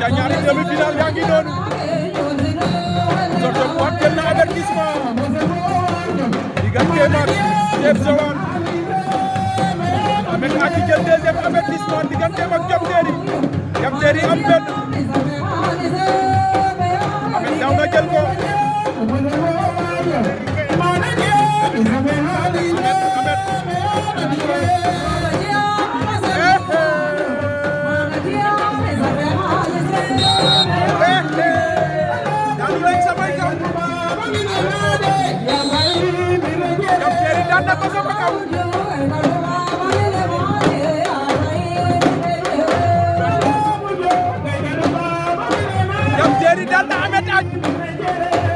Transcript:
ca ñaari demi final yaa ngi noonu Jordan Wade jël na avertissement diggante mag Chef Joal Ahmed Achi jël deuxième avertissement diggante mag Diam Terry Diam Terry am benn Ahmed daw na jël ko Jam Jeri dal na Amet Agne